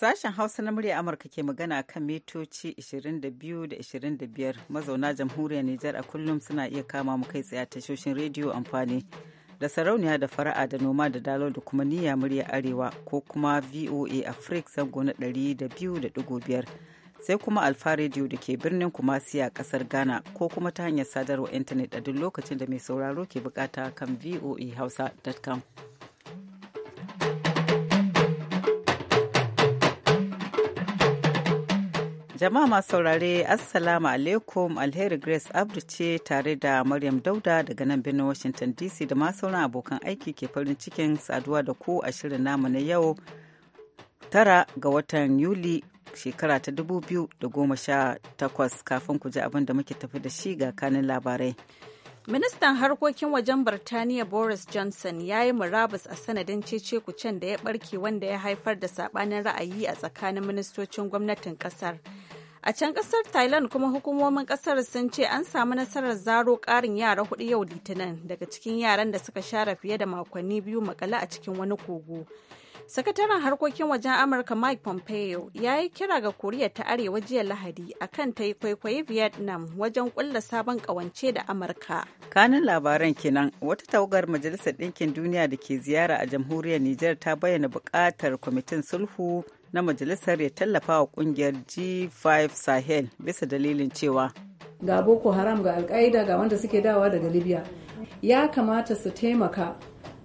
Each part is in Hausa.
Sashen Hausa na murya Amurka ke magana kan mitoci 22 da 25 mazauna jamhuriyar Nijar a kullum suna iya kama mu kai tsaye tashoshin rediyo amfani da sarauniya da fara'a da noma da dalo da kuma niyya murya arewa ko kuma VOA Africa zango na 200.5 sai kuma Alfa Radio da ke birnin Kumasi a kasar Ghana ko kuma ta hanyar sadarwa intanet a duk lokacin da mai sauraro ke bukata kan voahausa.com. Jama'a masu saurare Assalamu alaikum Alheri Grace Abdu ce tare da Maryam Dauda daga nan birnin Washington DC da ma sauran abokan aiki ke farin cikin saduwa da ku a shirin namu na yau tara ga watan Yuli shekara ta 2018 kafin ku ji abin da muke tafi da shi ga kanin labarai. Ministan harkokin wajen Birtaniya Boris Johnson ya yi murabus a sanadin cece-kucen da ya barke wanda ya haifar da saɓanin ra'ayi a tsakanin ministocin gwamnatin ƙasar. A can kasar Thailand kuma hukumomin kasar sun ce an samu nasarar zaro karin yara hudu yau litinin daga cikin yaran da suka share fiye da makonni biyu makale a cikin wani kogo. Sakataren harkokin wajen Amurka Mike Pompeo ya yi kira ga Koriya ta Arewa jiya Lahadi akan ta yi kwaikwayi Vietnam wajen kulla sabon kawance da Amurka. Kanin labaran kenan wata tawagar Majalisar Ɗinkin Duniya da ke ziyara a jamhuriyar Nijar ta bayyana buƙatar kwamitin sulhu na majalisar ya tallafa wa kungiyar G5 Sahel bisa dalilin cewa ga Boko Haram ga Alkaida ga wanda suke dawa daga Libya ya kamata su taimaka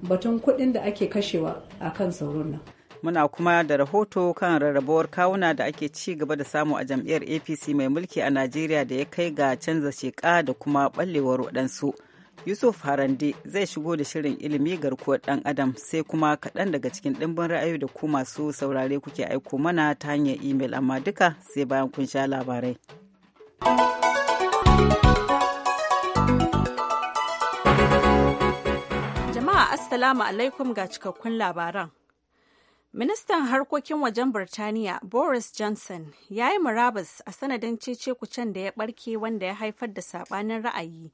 batun kuɗin da ake kashewa a kan sauron nan. Muna kuma da rahoto kan rarrabuwar kawuna da ake ci gaba da samu a jam'iyyar APC mai mulki a Najeriya da ya kai ga canza sheka da kuma ɓallewar waɗansu. Yusuf Harande zai shigo da shirin ilimi garkuwar ɗan Adam sai kuma kaɗan daga cikin ɗimbin ra'ayi da ku masu saurare kuke aiko mana ta hanyar imel amma duka sai bayan kun sha labarai. Jama'a Assalamu alaikum ga cikakkun labaran. Ministan harkokin wajen Birtaniya Boris Johnson ya yi murabus a sanadin cece kucen da ya barke wanda ya haifar da saɓanin ra'ayi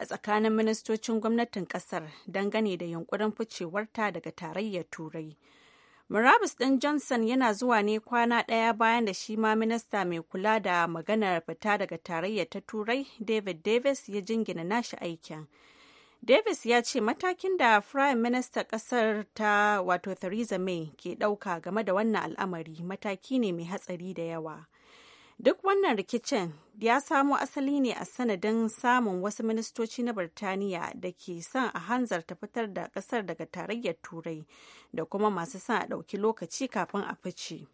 a tsakanin ministocin gwamnatin kasar dangane da yunkurin ficewarta daga tarayyar turai murabus ɗin johnson yana zuwa ne kwana ɗaya bayan da shi ma minista mai kula da maganar fita daga tarayyar ta turai david davis ya jingina nashi aikin davis ya ce matakin da prime minister kasar ta wato theresa may ke ɗauka game da wannan al'amari mataki ne mai hatsari da yawa Duk wannan rikicin ya samo asali ne a sanadin samun wasu ministoci na Birtaniya da ke son a hanzarta fitar da ƙasar daga tarayyar Turai da kuma masu son a ɗauki lokaci kafin a fice.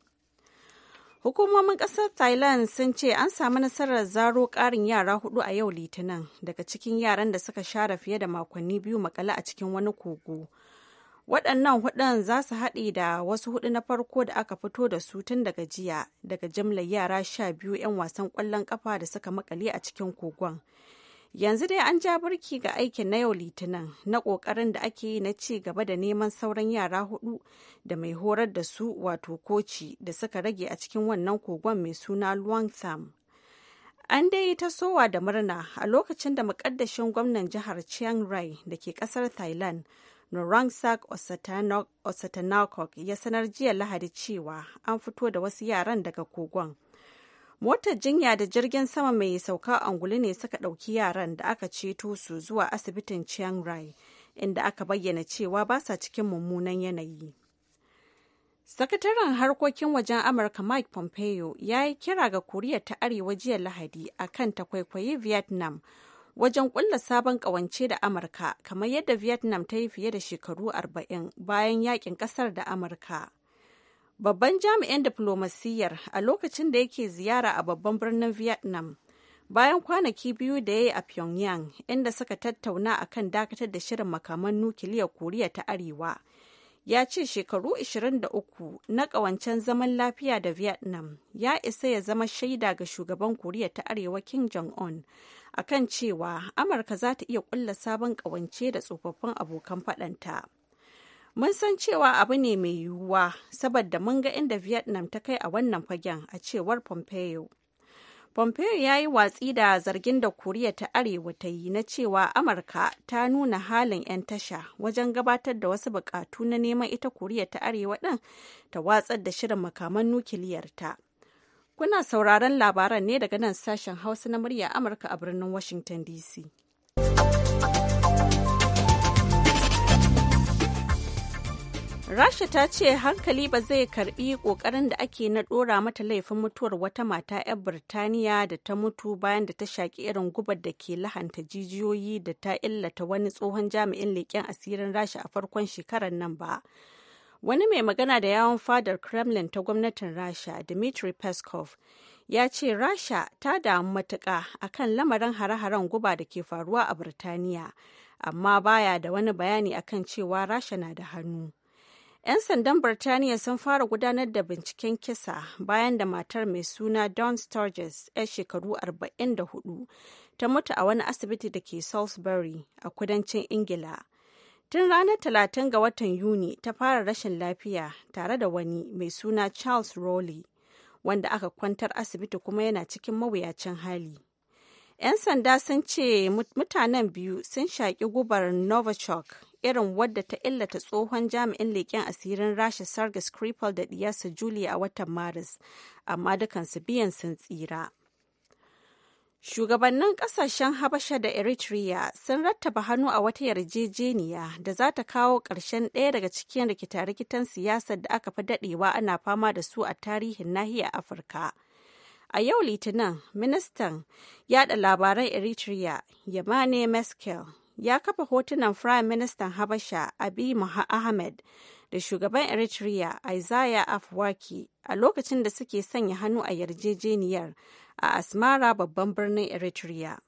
Hukumomin ƙasar Thailand sun ce an samu nasarar zaro ƙarin yara hudu a yau Litinin daga cikin yaran da suka share fiye da makonni biyu makale a cikin wani kogo waɗannan hudun za su haɗe da wasu hudu na farko da aka fito da su tun daga jiya daga jimlar yara sha biyu 'yan wasan ƙwallon ƙafa da suka makale a cikin kogon yanzu dai an ja birki ga aikin na yau litinin na ƙoƙarin da ake yi na ci gaba da neman sauran yara hudu da mai horar da su wato koci da suka rage a cikin wannan kogon mai suna luang tham An dai yi ta sowa da murna a lokacin da mukaddashin gwamnan jihar Chiang Rai da ke kasar Thailand Norangsak Osatanakok ya sanar jiya Lahadi cewa an fito da wasu yaran daga kogon. Motar jinya da jirgin sama mai sauka angulu ne suka ɗauki yaran da aka ceto su zuwa asibitin Chiang Rai, inda aka bayyana cewa ba sa cikin mummunan yanayi. Sakataren harkokin wajen Amurka Mike Pompeo ya yi kira ga Koriya ta Arewa jiya Lahadi akan ta kwaikwayi Vietnam. wajen ƙulla sabon ƙawance da Amurka kamar yadda Vietnam ta yi fiye da shekaru 40 bayan yakin ƙasar da Amurka. Babban jami'in diflomasiyyar a lokacin da yake ziyara a babban birnin Vietnam bayan kwanaki biyu da ya yi a Pyongyang inda suka tattauna a kan dakatar da shirin makaman nukiliya Koriya ta Arewa. ya ce shekaru 23 na ƙawancen zaman lafiya da vietnam ya isa ya zama shaida ga shugaban koriya ta arewa king jong-un Akan cewa amurka za ta iya ƙulla sabon ƙawance da tsofaffin abokan faɗanta mun san cewa abu ne mai yiwuwa saboda mun ga inda vietnam ta kai a wannan fagen a cewar pompeo pompeo ya yi watsi da zargin da koriya ta arewa ta yi na cewa amurka ta nuna halin 'yan tasha wajen gabatar da wasu bukatu na neman ita koriya ta arewa ɗin ta watsar da shirin makaman nukiliyarta Kuna sauraron labaran ne daga nan sashen Hausa na murya Amurka a birnin Washington DC. Rasha ta ce hankali ba zai karbi kokarin da ake na dora mata laifin mutuwar wata mata 'yar Birtaniya da ta mutu bayan da ta shaki irin gubar da ke lahanta jijiyoyi da ta illata wani tsohon jami'in leƙen asirin Rasha a farkon shekarar nan ba. Wani mai magana da yawon fadar Kremlin ta gwamnatin Rasha, Dmitry Peskov, ya ce Rasha ta damu matuƙa akan lamarin hare-haren guba da ke faruwa a Birtaniya, amma baya da wani bayani akan cewa Rasha na da hannu. 'Yan sandan Birtaniya sun fara gudanar da binciken kisa bayan da matar mai suna Don Sturges, 'yar shekaru 44, ta mutu a wani asibiti da ke Salisbury a kudancin Ingila. tun ranar talatin ga watan yuni ta fara rashin lafiya tare da wani mai suna charles rowley wanda aka kwantar asibiti kuma yana cikin mawuyacin hali 'yan sanda sun ce mutanen biyu sun shaƙi gubar novichok irin wadda ta illata tsohon jami'in leƙen asirin rasha sargis kripal da diyasa julia a watan maris amma dukansu biyan sun tsira Shugabannin kasashen Habasha da Eritrea sun rattaba hannu a wata yarjejeniya da za ta kawo ƙarshen ɗaya daga cikin rikita-rikitan siyasar da aka fi daɗewa ana fama da su a tarihin nahiyar Afirka. A yau Litinin, ministan yada labaran Eritrea, Yamane Meskel, ya kafa hotunan Firayim Ministan Habasha Abiy Ahmed da shugaban eritrea isaiah afwaki a lokacin da suke sanya hannu a yarjejeniyar a asmara babban birnin eritrea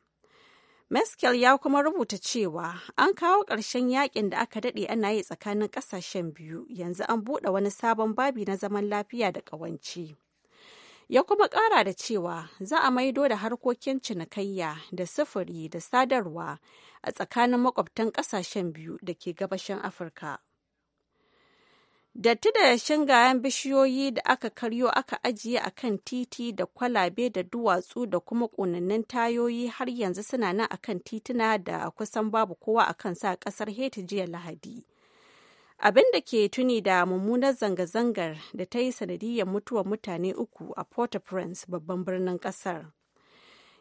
meskel ya kuma rubuta cewa an kawo ƙarshen yakin da aka daɗe ana yi tsakanin ƙasashen biyu yanzu an buɗe wani sabon babi na zaman lafiya da ƙawance. ya kuma ƙara da cewa za a maido da harkokin cinikayya da sufuri da sadarwa a tsakanin makwabtan ƙasashen biyu da ke gabashin afirka Datti da shingayen bishiyoyi da aka karyo aka ajiye a kan titi da kwalabe da duwatsu da kuma ƙonannun tayoyi har yanzu suna nan a kan tituna da kusan babu kowa a kan sa ƙasar Haiti jiya Lahadi. Abin da ke tuni da mummunar zanga-zangar da ta yi sanadiyar mutuwar mutane uku a Port-au-Prince babban birnin ƙasar.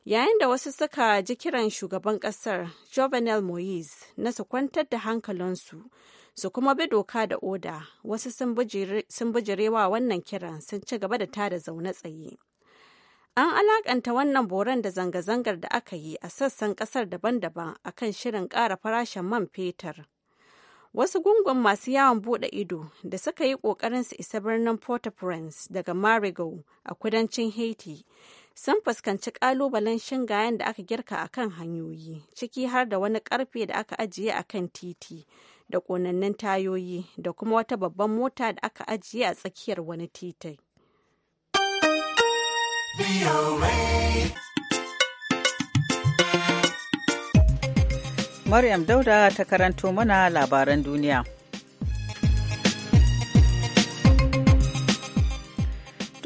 Yayin da wasu suka ji kiran shugaban ƙasar Jovenel Moise na su kwantar da hankalinsu. su kuma bi doka da oda wasu sun bijirewa wannan kiran sun ci gaba da tada zaune tsaye an alakanta wannan boran da zanga-zangar da aka yi a sassan kasar daban-daban akan shirin ƙara farashin man fetur wasu gungun masu yawon bude ido da suka yi kokarin su isa birnin port-au-prince daga marigo a kudancin haiti sun fuskanci ƙalubalen shingayen da aka girka a kan hanyoyi ciki har da wani ƙarfe da aka ajiye a kan titi da ƙonannin tayoyi da kuma wata babban mota da aka ajiye a tsakiyar wani titai. Maryam Dauda ta karanto mana labaran duniya.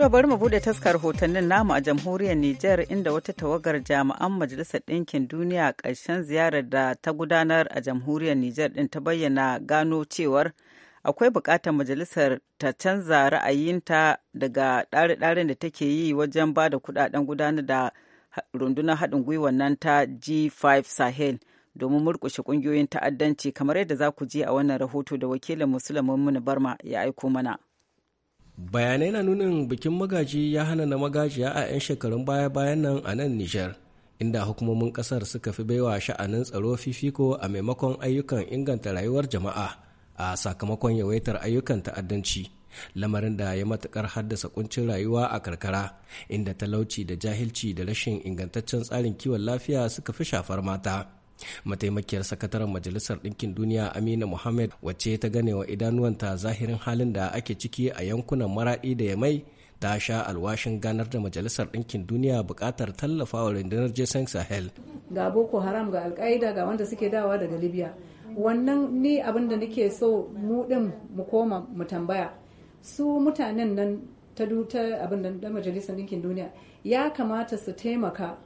To bari mu bude taskar hotonnin namu a jamhuriyar Nijar inda wata tawagar jami'an Majalisar Ɗinkin Duniya a ƙarshen ziyarar da ta gudanar a jamhuriyar Nijar ɗin ta bayyana gano cewar akwai buƙatar majalisar ta canza ra'ayinta daga ɗare-ɗaren da take yi wajen ba da kuɗaɗen gudanar da rundunar haɗin gwiwar nan ta G5 Sahel domin murƙushe ƙungiyoyin ta'addanci kamar yadda za ku ji a wannan rahoto da wakilin Musulmin Barma ya aiko mana. bayanai na nunin bikin magaji ya hana na magajiya a 'yan shekarun baya-bayan nan a nan nijar inda hukumomin kasar suka fi baiwa sha'anin tsaro fifiko a maimakon ayyukan inganta rayuwar jama'a a sakamakon yawaitar ayyukan ta'addanci lamarin da ya matukar haddasa kuncin rayuwa a karkara inda talauci da jahilci da rashin ingantaccen tsarin kiwon lafiya suka fi shafar mata mataimakiyar sakataren majalisar ɗinkin duniya amina muhammad wacce ta gane wa idanuwanta zahirin halin da ake ciki a yankunan maraɗi da yamai ta sha alwashin ganar da majalisar dinkin duniya buƙatar tallafawa rundunar jason sahel ga boko haram ga alƙa'ida ga wanda suke dawa daga libya wannan ni abin da nake so mu ɗin mu koma mu tambaya su mutanen nan ta duta abin da majalisar ɗinkin duniya ya kamata su taimaka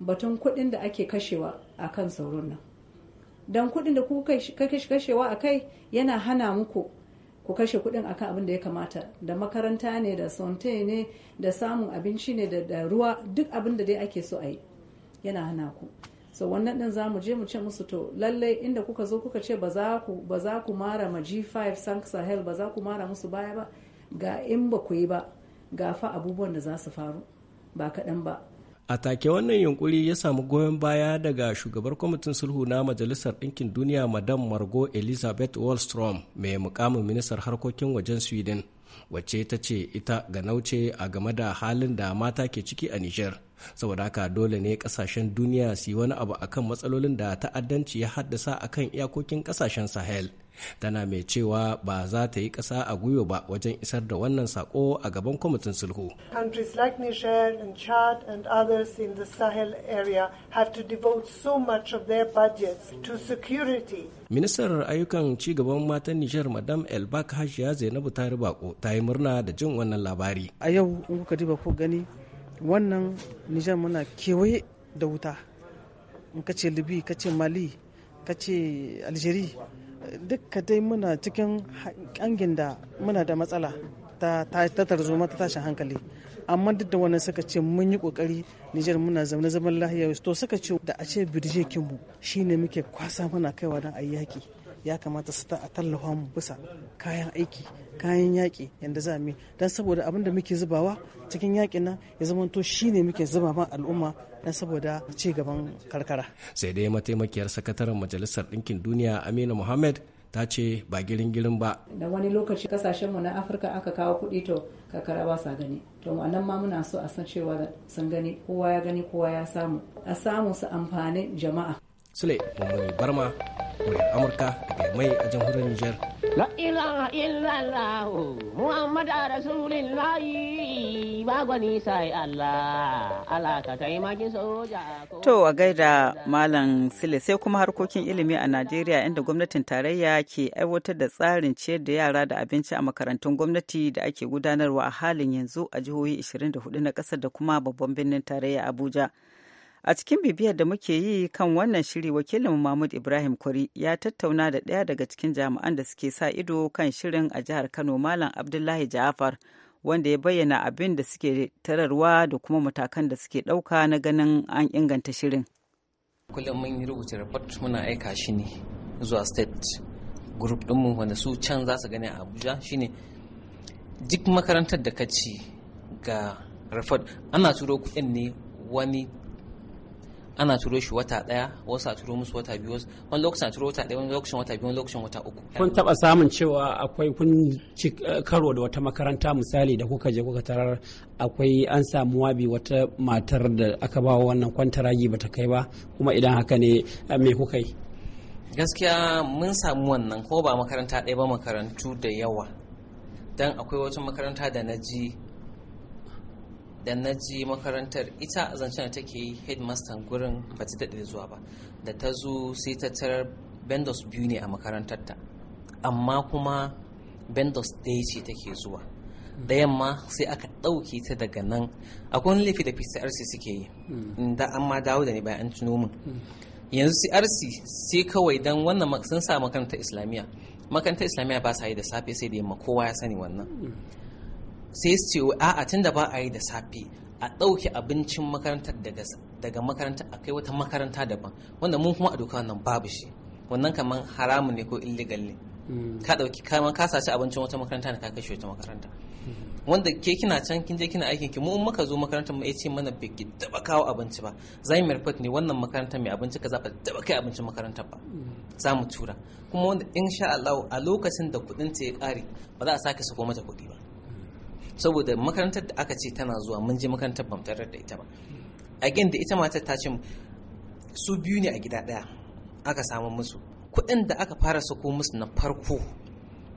batun kuɗin da ake kashewa a kan sauron nan don kuɗin da kuka kashewa a kai yana hana muku ku kashe kuɗin akan abin da ya kamata da makaranta ne da sonte ne da samun abinci ne da ruwa duk abin da dai ake so a yi yana hana ku so wannan din za mu je mu ce musu to lallai inda kuka zo kuka ce ba za ku mara ma G5 Sank Sahel ba za ku mara musu baya ba ga in ba ku yi ba ga fa abubuwan da za su faru ba kaɗan ba a take wannan yunkuri ya samu goyon baya daga shugabar kwamitin sulhu na majalisar ɗinkin duniya madam margo elizabeth wallstrom mai mukamin ministar harkokin wajen sweden wacce ta ce ita ganauce a game da halin da mata ke ciki a niger saboda haka dole ne kasashen duniya su yi wani abu akan matsalolin da ta'addanci ya haddasa akan iyakokin kasashen sahel tana mai cewa ba za ta yi ƙasa a gwiwa ba wajen isar da wannan sako a gaban kwamitin sulhu. Countries Chad and Sahel have to devote so much their to security. Ministar ayyukan ci gaban matan Niger Madam Elbak Hajiya Zainabu Tari Bako ta yi murna da jin wannan labari. A yau in kuka diba ko gani wannan nijar muna kewaye da wuta in ka ce libi ka ce mali ka ce algeria duka dai muna cikin kangin da muna da matsala ta tarzoma ta tashin hankali amma duk da wannan suka ce mun yi kokari Nijar muna zaune zaman lahiya to suka ce da a ce birje kinmu shine muke kwasa muna kaiwa don a yi yaki ya kamata su ta a tallafa mu bisa kayan aiki kayan yaƙi yadda za mu don saboda abin da muke zubawa cikin yaƙin nan ya zama to shi ne muke zuba ma al'umma don saboda ci gaban karkara. sai dai mataimakiyar sakataren majalisar ɗinkin duniya aminu muhammad ta ce ba girin girin ba. Da wani lokaci kasashen mu na Afirka aka kawo kuɗi to kakara ba sa gani. To nan ma muna so a san cewa sun gani kowa ya gani kowa ya samu. A samu su amfani jama'a. Sule Mummuni Barma, muryar Amurka da mai a jamhuriyar Nijar. La ilaha illallah Muhammad rasulillah ba gwani sai Allah Allah ka makin soja. To a gaida Malam Sule sai kuma harkokin ilimi a Najeriya inda gwamnatin tarayya ke aiwatar da tsarin ciyar da yara da abinci a makarantun gwamnati da ake gudanarwa a halin yanzu a jihohi 24 na kasar da kuma babban birnin tarayya Abuja. A cikin bibiyar da muke yi kan wannan shiri wakilin Mahmud Ibrahim Kuri ya tattauna da ɗaya daga cikin jami'an da suke sa ido kan shirin a jihar Kano Malam Abdullahi Ja'afar wanda ya bayyana abin da suke tararwa da kuma matakan da suke ɗauka na ganin an inganta shirin. Kullum mun rubuta report muna aika shi ne zuwa state group ɗinmu wanda su can za su gani a Abuja shine duk makarantar da ka ci ga report ana turo kuɗin ne wani ana turo shi wata daya wasu a turo musu wata biyu wani lokacin turo wata daya wani lokacin wata biyu wani lokacin wata uku kun taba samun cewa akwai kun ci eh, karo da wata makaranta misali da kuka je kuka tarar akwai an samu wabi wata matar da aka ba wannan kwantaragi bata kai ba kuma idan haka ne eh, me kuka yi gaskiya mun samu wannan ko ba makaranta ɗaya ba makarantu da yawa dan akwai wata makaranta da na ji da na je makarantar ita zancen da take yi headmaster gurin ba ta daɗe zuwa ba da ta zo sai ta tarar bendos biyu ne a makarantar ta amma kuma bendos ɗaya ce take zuwa da yamma sai aka ɗauke ta daga nan akwai wani laifi da pcrc suke yi hmm. da an ma dawo da ni bayan an tuno min hmm. yanzu crc sai kawai dan wannan sun sa makarantar islamiyya makarantar islamiyya ba sa yi da safe sai da yamma kowa ya sani wannan hmm. sai su ce a'a tunda ba a yi da safe a ɗauke abincin makarantar daga makarantar a kai wata makaranta daban wanda mun kuma a doka nan babu shi wannan kamar haramun ne ko illegal ne hmm. ka ɗauki kama ka sace abincin wata makaranta da ka kashe wata makaranta hmm. wanda ke kina can kin je kina aikin ki mu in muka zo makarantar mu ce mana bai ki taba kawo abinci ba za mu report ne wannan makarantar mai abinci kaza ba taba kai abincin makarantar ba hmm. za mu tura kuma wanda insha Allah a lokacin da kuɗin ta ya ƙare ba za a sake sako mata kuɗi ba saboda makarantar da aka ce tana zuwa mun je makarantar ba da ita ba again da ita matar ta ce su biyu ne a gida daya aka samu musu kuɗin da aka fara sako musu na farko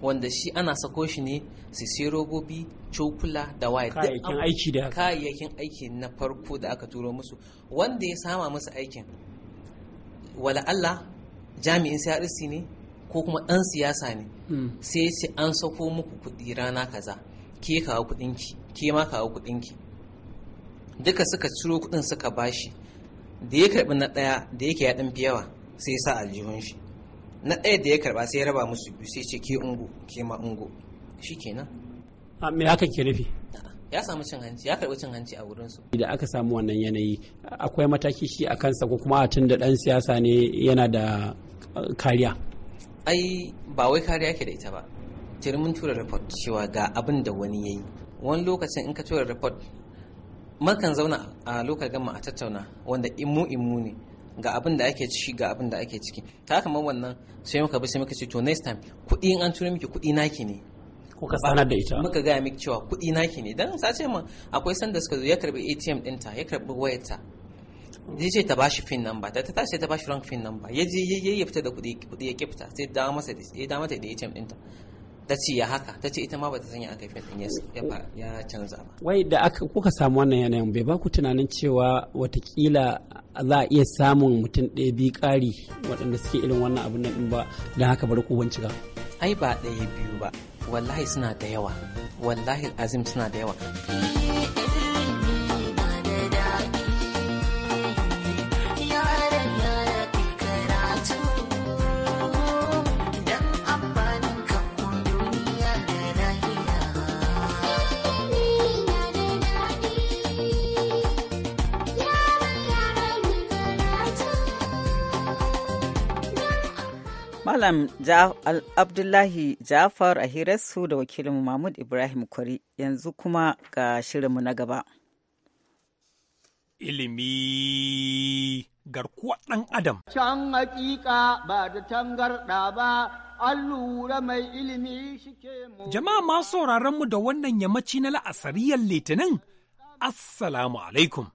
wanda shi ana sako shi ne su sai robobi cokula da waya kayayyakin aiki da kayayyakin aiki na farko da aka turo musu wanda ya sama musu aikin wala Allah jami'in siyasa ne ko kuma ɗan siyasa ne hmm. sai ya ce an sako muku kuɗi rana kaza ke kawo ki ke ma kawo kuɗinki duka suka ciro kuɗin suka bashi da ya karɓi na ɗaya da yake ya dan yawa sai ya sa aljihun shi na ɗaya da ya karɓa sai ya raba musu biyu sai ce ke ungo ke ma ungo shi a me hakan ke nufi ya samu cin hanci ya karɓi cin hanci a wurin su. da aka samu wannan yanayi akwai mataki shi a sa ko kuma a tun da siyasa ne yana da eh, kariya ai ba wai kariya ke da ita ba Tiri mun tura report cewa ga abin da wani ya yi wani lokacin in ka tura report makan zauna a lokacin gama a tattauna wanda imu imu ne ga abin da ake ciki ga abin da ake ciki ta kamar wannan sai muka bi sai muka ce to next time kuɗi in an tura miki kuɗi naki ne ka sanar da ita muka gaya miki cewa kuɗi naki ne dan ce ma akwai sanda suka zo ya karbi ATM ɗinta ya karbi wayarta zai ce ta bashi fin namba ta ce ta bashi rank fin namba ya je ya fita da kuɗi kuɗi ya kifta sai da masa da ya da mata da ATM ɗinta ta ce ya haka ta ce ita ma bata sanya aka fifin ya canza ba wai da aka kuka samu wannan yanayin bai ba ku tunanin cewa watakila za a iya samun mutum ɗaya biyu ƙari waɗanda suke irin wannan abin nan ba don haka bari ku bincika ai ba ɗaya biyu ba wallahi suna da yawa wallahi azim suna da yawa Malam Abdullahi Jafar a hirarsu da wakilinmu Mahmud Ibrahim Kwari yanzu kuma ga shirinmu na gaba. Ilimi garkuwa ɗan Adam. Can hakika ba da tangarɗa ba, an lura mai ilimi shi ke Jama'a ma sauraronmu da wannan yammaci na la'asariyar Litinin, Assalamu alaikum.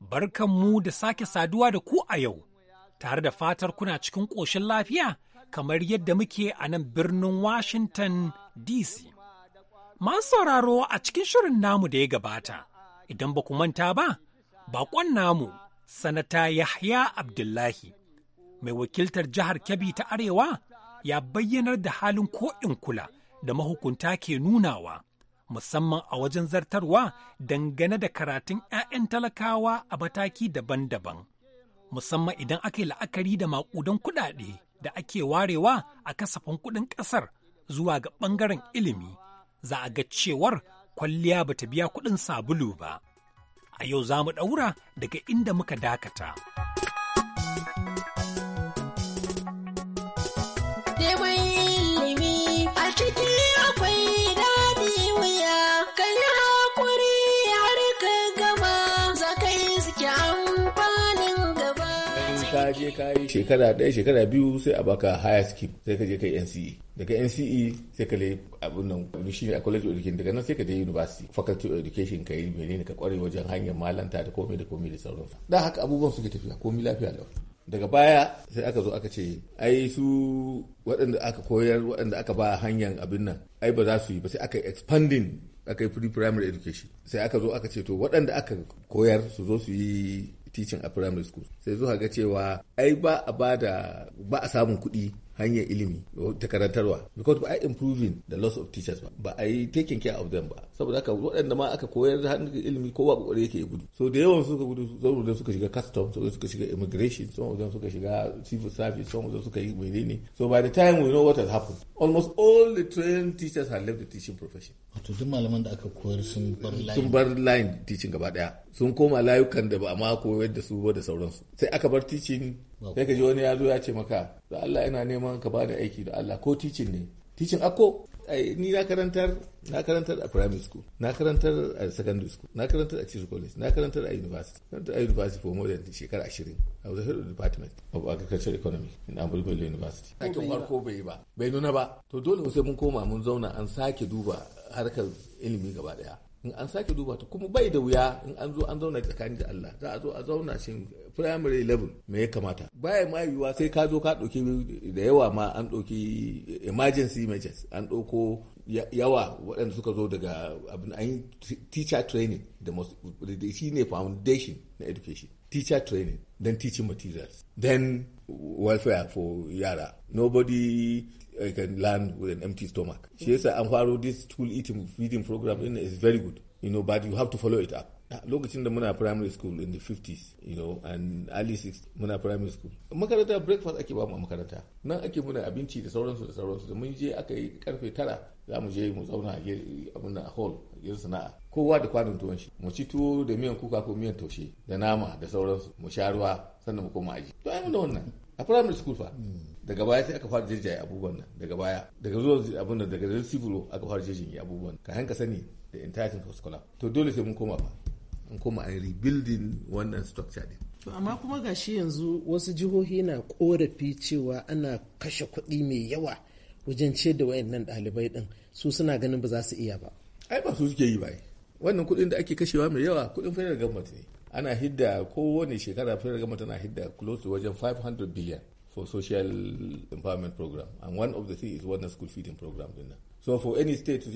Barkanmu da sake saduwa da ku a yau. tare da fatar kuna cikin ƙoshin lafiya kamar yadda muke a nan birnin Washington DC. Masu sauraro a cikin shirin namu da ya gabata, idan ba ku manta ba, bakon namu sanata Yahya Abdullahi, mai wakiltar jihar Kebbi ta Arewa, ya bayyanar da halin ko'in kula da mahukunta ke nunawa, musamman a wajen zartarwa dangane da karatun 'ya'yan talakawa a mataki daban-daban, musamman idan aka yi la'akari da maƙudan kuɗaɗe da ake warewa a kasafin kuɗin ƙasar zuwa ga ɓangaren ilimi za a ga cewar kwalliya ba ta biya kuɗin sabulu ba. A yau za mu ɗaura daga inda muka dakata. je ka yi shekara ɗaya shekara biyu sai a baka haya scheme sai ka je ka yi NCE daga NCE sai ka leyi abin nan shi a college of education daga nan sai ka je university faculty of education ka yi menene ka kware wajen hanyar malanta da komai da komai da sauransu da haka abubuwan suke tafiya komai lafiya lau daga baya sai aka zo aka ce ai su waɗanda aka koyar waɗanda aka ba hanyar abin nan ai ba za su yi ba sai aka expanding aka yi pre-primary education sai aka zo aka ce to waɗanda aka koyar su zo su yi teaching a primary school sai zuwa ga cewa ai ba a ba da ba a samun kuɗi hanyar ilimi ta karantarwa because ba a improving the loss of teachers ba ba a yi taking care of them ba saboda haka waɗanda ma aka koyar da hannun ilimi kowa kokari yake gudu so da yawan suka gudu saboda suka shiga custom saboda suka shiga immigration saboda suka shiga civil service saboda suka yi menene so by the time we know what has happened almost all the trained teachers have left the teaching profession wato duk malaman da aka koyar sun bar line sun bar line teaching gaba daya sun koma layukan da ba ma koyar da su ba da sauransu sai aka bar teaching sai ka ji wani ya zo ya ce maka da Allah ina neman ka bani aiki da Allah ko teaching ne teaching akko ni na karantar na karantar a primary school na karantar a secondary school na karantar a teacher college na karantar a university karantar a university for more than shekara ashirin a was head of department of agriculture economy in Ambolibolo University aikin farko bai yi ba bai nuna ba to dole sai mun koma mun zauna an sake duba harkar ilimi gaba daya in an sake duba ta kuma bai da wuya in an zo an zauna tsakani da Allah za a zo a zauna shin primary level me ya kamata baya ma yiwuwa sai ka zo ka ɗauki da yawa ma an ɗauki emergency measures an dauko yawa waɗanda suka zo daga abin an teacher training da shi ne foundation na education teacher training then teaching materials then welfare for yara nobody I can learn with an empty stomach. She yes, an faro this school eating feeding program in is very good, you know, but you have to follow it up. Lokacin da muna primary school in the 50s, you know, and early 60s muna primary school. Makaranta breakfast ake ba mu makaranta. Nan ake muna abinci da sauransu da sauransu. Da mun je aka yi karfe tara za mu je mu zauna a abin a hall yin sana'a. Kowa da kwanon tuwon shi. Mu ci tuwo da miyan kuka ko miyan taushe da nama da sauransu. Mu sha ruwa sannan mu koma aji. To ai mun da wannan. a primary school fa daga baya sai aka fara jirjaye abubuwan nan daga baya daga zuwa abin da daga civil aka fara jirjaye abubuwan ka hanka sani da scholar to dole sai mun koma fa mun koma a rebuilding wannan structure din to amma kuma gashi yanzu wasu jihohi na korafi cewa ana kashe kuɗi mai yawa wajen ce da wayannan ɗalibai din su suna ganin ba za su iya ba ai ba su suke yi ba wannan kuɗin da ake kashewa mai yawa kuɗin da gwamnati ne ana hidda kowane shekara federal government tana hidda close to wajen 500 billion for social empowerment program and one of the things is wannan school feeding program din nan so for any state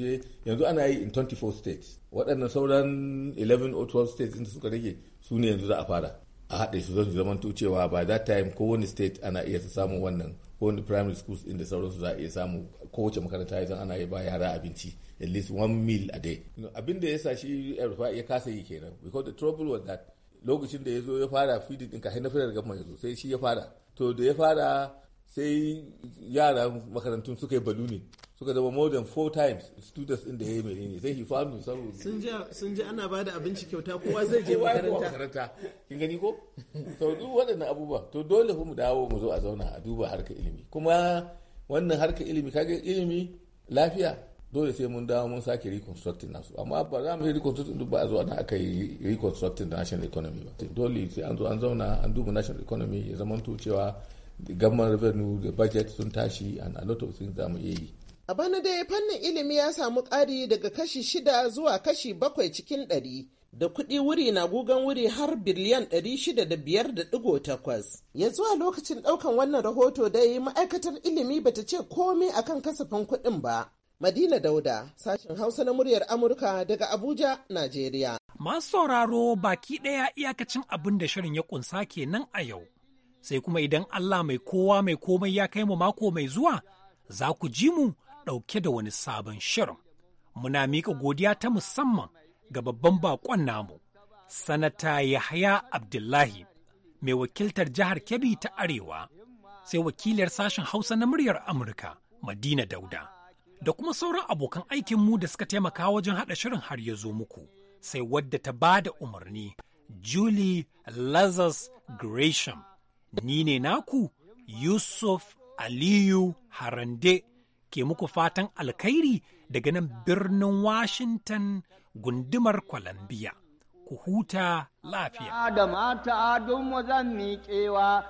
yanzu ana yi in 24 states waɗannan sauran 11 or 12 states din suka rage su ne yanzu za a fara a haɗe su zama cewa by that time kowane state ana iya samun wannan ko wani primary schools in the sauransu za a iya samu kowace makaranta idan ana yi ba yara abinci at least one meal a day abin da ya sa shi ya kasa yi kenan because the trouble was that lokacin da ya zo ya fara feeding din kafin na fara gama ya zo sai shi ya fara to da ya fara sai yara makarantun suka yi baluni suka zama more than four times students din da ya yi menene sai he found himself sun ji ana bada abinci kyauta kowa zai je makaranta kin gani ko to duk waɗannan abubuwa to dole mu dawo mu zo a zauna a duba harkar ilimi kuma wannan harkar ilimi kaga ilimi lafiya dole sai mun dawo mun sake reconstructing nasu amma ba za mu yi reconstructing duk ba a zo ana aka yi reconstructing national economy ba dole sai an zo an zauna an duba national economy ya zamanto cewa government revenue da budget sun tashi and a lot of things za mu iya yi A bana dai fannin ilimi ya samu ƙari daga kashi shida zuwa kashi bakwai cikin ɗari. Da kuɗi wuri na gugan wuri har biliyan ɗari shida da biyar da ɗigo takwas. Ya zuwa lokacin ɗaukan wannan rahoto dai ma'aikatar ilimi bata ce komai akan kasafin kuɗin ba. Madina Dauda, sashen Hausa na muryar Amurka daga Abuja, Najeriya. Masu sauraro baki ɗaya iyakacin abin da shirin ya ƙunsa kenan a yau. Sai kuma idan Allah mai kowa mai komai ya kai mu mako mai zuwa, za ku ji mu ɗauke da wani sabon shirin. Muna mika godiya ta musamman ga babban baƙon namu, Sanata Yahaya Abdullahi, mai wakiltar jihar Kebbi ta Arewa, sai wakilar sashen Hausa na muryar Amurka, Madina Dauda, da kuma sauran abokan aikinmu da suka taimaka wajen haɗa shirin har ya zo muku, sai wadda ta ba da umarni, Julie Lazarus Gresham. Ni ne naku, Yusuf Aliyu Harande ke muku fatan alkhairi daga nan birnin Washington gundumar Columbia. Ku huta lafiya. Da mata don wazan miƙewa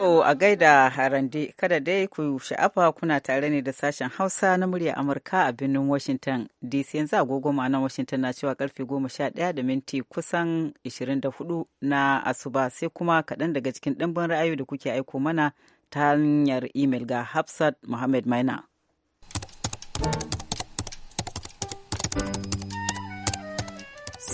O a gaida harande kada dai ku sha'afa kuna tare ne da sashen Hausa na murya Amurka a birnin Washington DC yanzu agogo ma'anar Washington na cewa karfe goma sha ɗaya da minti kusan 24 na asuba sai kuma kaɗan daga cikin ɗimbin ra'ayoyi da kuke aiko mana ta hanyar imel ga Hafsat Muhammad Maina.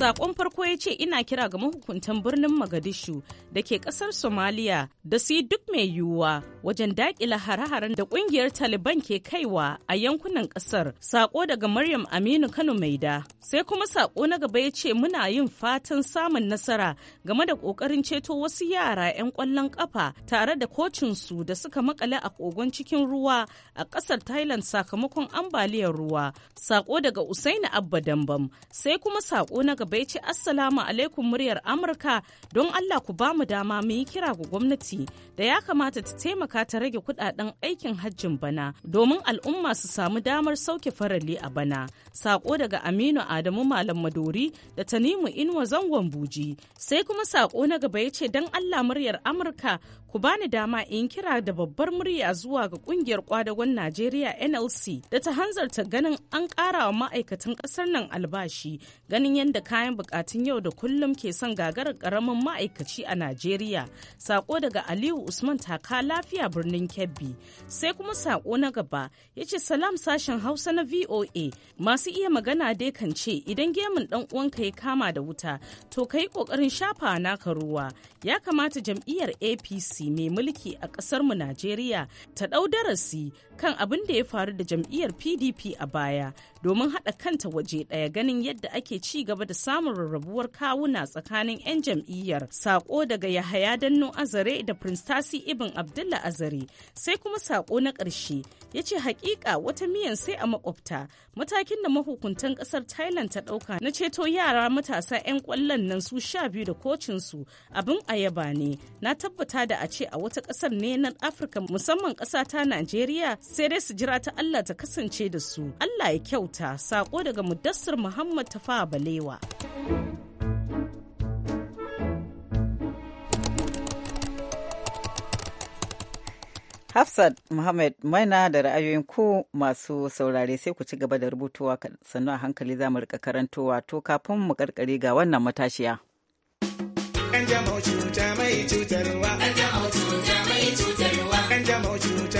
Sakon farko ya ce ina kira ga mahukuntan birnin Magadishu da ke kasar Somalia da su yi duk mai yiwuwa wajen dakila hare-haren da ƙungiyar Taliban ke kaiwa a yankunan kasar. Sako daga Maryam Aminu Kano Maida. Sai kuma sako na gaba ya ce muna yin fatan samun nasara game da ƙoƙarin ceto wasu yara 'yan kwallon ƙafa tare da kocin su da suka makale a kogon cikin ruwa a ƙasar Thailand sakamakon ambaliyar ruwa. Sako daga Usaini Abba Dambam. Sai kuma sako na gaba Habaici Assalamu alaikum muryar Amurka don Allah ku bamu dama mu yi kira ga gwamnati da ya kamata ta taimaka ta rage kudaden aikin hajjin bana domin al'umma su samu damar sauke farali a bana. Sako daga Aminu Adamu Malam Madori da Tanimu Inuwa Zangon Buji. Sai kuma sako na gaba ya ce don Allah muryar Amurka ku bani dama in kira da babbar murya zuwa ga kungiyar kwadagon Najeriya NLC da ta hanzarta ganin an ƙara wa ma'aikatan ƙasar nan albashi ganin yadda kayan bukatun yau da kullum ke son gagarar karamin ma'aikaci a Najeriya. Sako daga Aliyu Usman taka lafiya birnin Kebbi. Sai kuma sako na gaba ya ce salam sashen Hausa na VOA masu iya magana dai kan ce idan gemun dan uwanka ya kama da wuta to ka yi kokarin shafa naka ruwa. Ya kamata jam'iyyar APC mai mulki a kasar mu Najeriya ta dau darasi kan abin da ya faru da jam'iyyar PDP a baya domin haɗa kanta waje ɗaya ganin yadda ake ci gaba da samun rarrabuwar kawuna tsakanin 'yan jam'iyyar sako daga yahaya danno azare da prince tasi ibn abdulla azare sai kuma sako na ƙarshe ya ce hakika wata miyan sai a makwabta matakin da mahukuntan ƙasar thailand ta ɗauka na ceto yara matasa 'yan ƙwallon nan su sha biyu da kocin su abin ayaba ne na tabbata da a ce a wata ƙasar ne na afirka musamman ƙasa ta najeriya sai dai su jira ta allah ta kasance da su allah ya kyauta sako daga mudassir muhammad tafa balewa Hafsat Muhammad Maina da ra'ayoyin ku masu saurare sai ku ci gaba da rubutuwa sannu a hankali za mu rika karantowa to kafin mu karkare ga wannan matashiya. Kanjamau cuta mai cutarwa. Kanjamau cuta mai cutarwa. Kanjamau cuta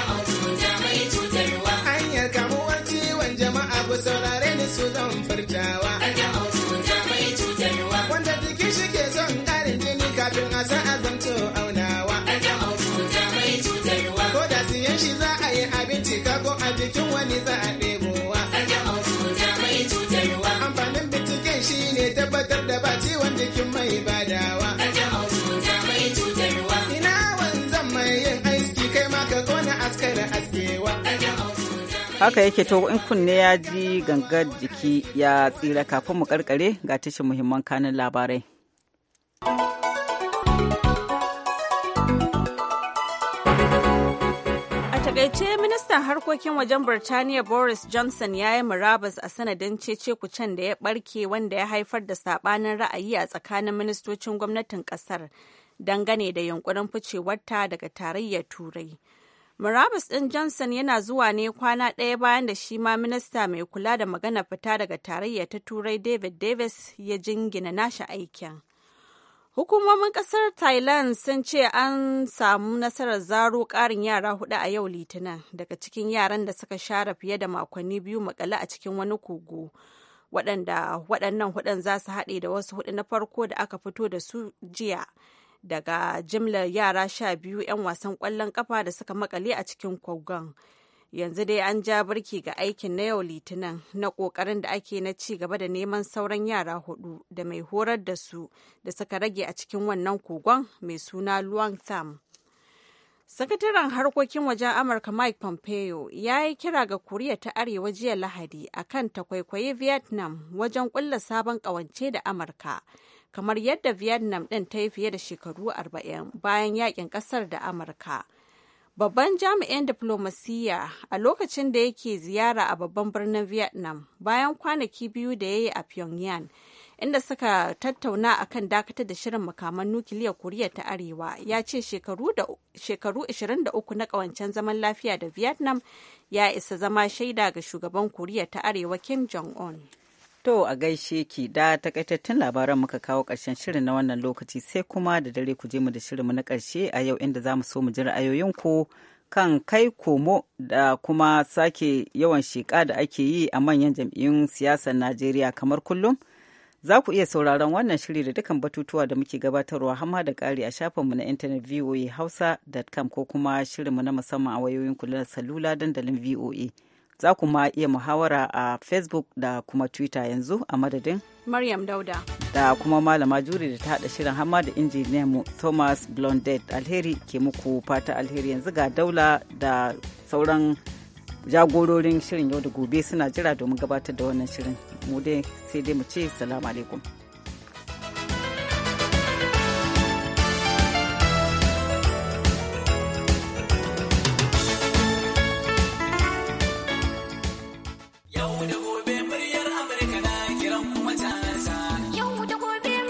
saurare ni su zan furtawa wanda jiki shi ke son karin jini kafin a san azamto aunawa ko da siyan shi za a yi abinci ka ko a jikin wani za a ɗebowa amfanin bincike shi ne tabbatar da ba ciwon jikin mai badawa haka yake to in kunne ya ji gangar jiki ya tsira kafin mu karkare ga tashin muhimman kanin labarai takaice ministan harkokin wajen birtaniya boris johnson ya yi murabus a sanadin cece-kucen da ya barke wanda ya haifar da sabanin ra'ayi a tsakanin ministocin gwamnatin kasar dangane da yunkurin ficewarta daga tarayyar turai Murabus ɗin Johnson yana zuwa ne kwana ɗaya bayan da shi ma minista mai kula da magana fita daga tarayya ta Turai David Davis ya jingina nashi aikin. Hukumomin ƙasar Thailand sun ce an samu nasarar zaro ƙarin yara hudu a yau Litinin daga cikin yaran da suka share fiye da makonni biyu makale a cikin wani kogo. waɗanda waɗannan hudun za su haɗe da wasu hudu na farko da aka fito da su jiya. daga jimlar yara sha biyu 'yan wasan ƙwallon ƙafa da suka makale a cikin kogon. yanzu dai an ja birki ga aikin na yau litinin na kokarin da ake na ci gaba da neman sauran yara hudu da mai horar da su da suka rage a cikin wannan kogon mai suna luang tham sakataren harkokin wajen amurka mike pompeo ya yi kira ga koriya ta arewa jiya lahadi akan ta kwaikwayi vietnam wajen kulla sabon kawance da amurka kamar yadda vietnam ɗin ta yi fiye da shekaru 40 bayan yakin ƙasar da amurka babban jami'in diplomasiyya a lokacin da yake ziyara a babban birnin vietnam bayan kwanaki biyu da ya yi a pyongyang inda suka tattauna a kan dakatar da shirin makaman nukiliya koriya ta arewa ya ce shekaru 23 na kawancen zaman lafiya da vietnam ya isa zama shaida ga shugaban koriya ta arewa kim jong-un To a gaishe ki da takaitattun labaran muka kawo ƙarshen shirin na wannan lokaci sai kuma da dare ku je mu da shirinmu na ƙarshe a yau inda za mu so mu ji ra'ayoyinku kan kai komo da kuma sake yawan sheƙa da ake yi a manyan jam'iyyun siyasar Najeriya kamar kullum. Za ku iya sauraron wannan shiri da dukkan batutuwa da muke gabatarwa hamma da ƙari a shafinmu na intanet voahausa.com ko kuma shirinmu na musamman a wayoyin kula na salula dandalin VOA. za ku ma iya muhawara a facebook da kuma twitter yanzu a madadin maryam dauda da kuma malama juri da ta hada shirin hama da injiniyan mu thomas blondet alheri ke muku fata alheri yanzu ga daula da sauran jagororin shirin yau da gobe suna jira domin gabatar da wannan shirin mu dai sai dai mu ce salamu alaikum